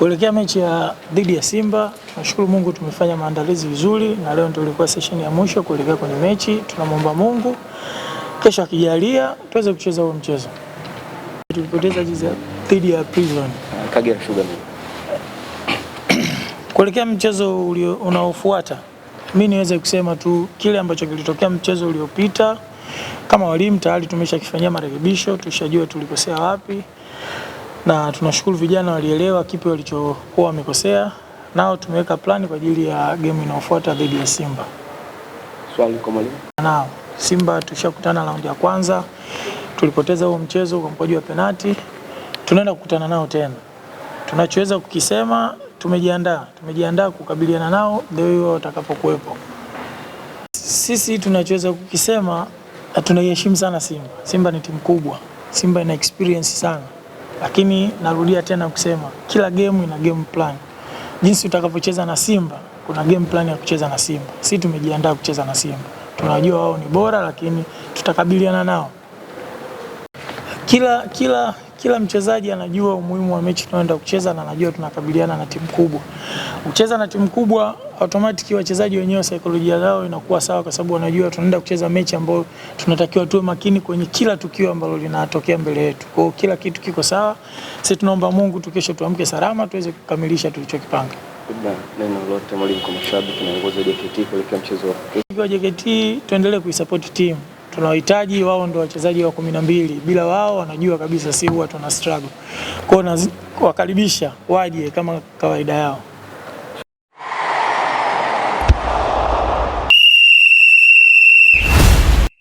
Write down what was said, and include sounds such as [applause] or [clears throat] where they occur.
Kuelekea mechi ya dhidi ya Simba, nashukuru Mungu tumefanya maandalizi vizuri, na leo ndio ilikuwa session ya mwisho kuelekea kwenye mechi. Tunamwomba Mungu kesho akijalia tuweze kucheza huo mchezo. Tulipoteza dhidi ya Prison Kagera Sugar. [clears throat] Kuelekea mchezo unaofuata, mi niweze kusema tu kile ambacho kilitokea mchezo uliopita, kama walimu tayari tumeshakifanyia marekebisho, tushajua tulikosea wapi na tunashukuru vijana walielewa kipi walichokuwa wamekosea, nao tumeweka plani kwa ajili ya game inayofuata dhidi ya Simba. Swali kwa mwalimu. Nao Simba tushakutana raundi ya kwanza, tulipoteza huo mchezo kwa mkwaju wa penati, tunaenda kukutana nao tena. Tunachoweza kukisema tumejiandaa, tumejiandaa kukabiliana nao ndio hiyo watakapokuwepo. Sisi tunachoweza kukisema, tunaiheshimu sana Simba. Simba ni timu kubwa, Simba ina experience sana lakini narudia tena kusema kila game ina game plan. Jinsi utakavyocheza na Simba kuna game plan ya kucheza na Simba. si tumejiandaa kucheza na Simba, tunajua wao ni bora, lakini tutakabiliana nao kila kila kila mchezaji anajua umuhimu wa mechi tunaenda kucheza na anajua tunakabiliana na timu kubwa. Kucheza na timu kubwa automatic wachezaji wenyewe saikolojia yao inakuwa sawa, kwa sababu wanajua tunaenda kucheza mechi ambayo tunatakiwa tuwe makini kwenye kila tukio ambalo linatokea mbele yetu. Kwa hiyo kila kitu kiko sawa. Sisi tunaomba Mungu tu kesho tuamke salama tuweze kukamilisha tulichokipanga. kwa JKT mchezo wa JKT, tuendelee kuisapoti timu tunawahitaji wao, ndio wachezaji wa kumi na mbili. Bila wao wanajua kabisa si huwa tuna struggle kwao, wakaribisha waje kama kawaida yao.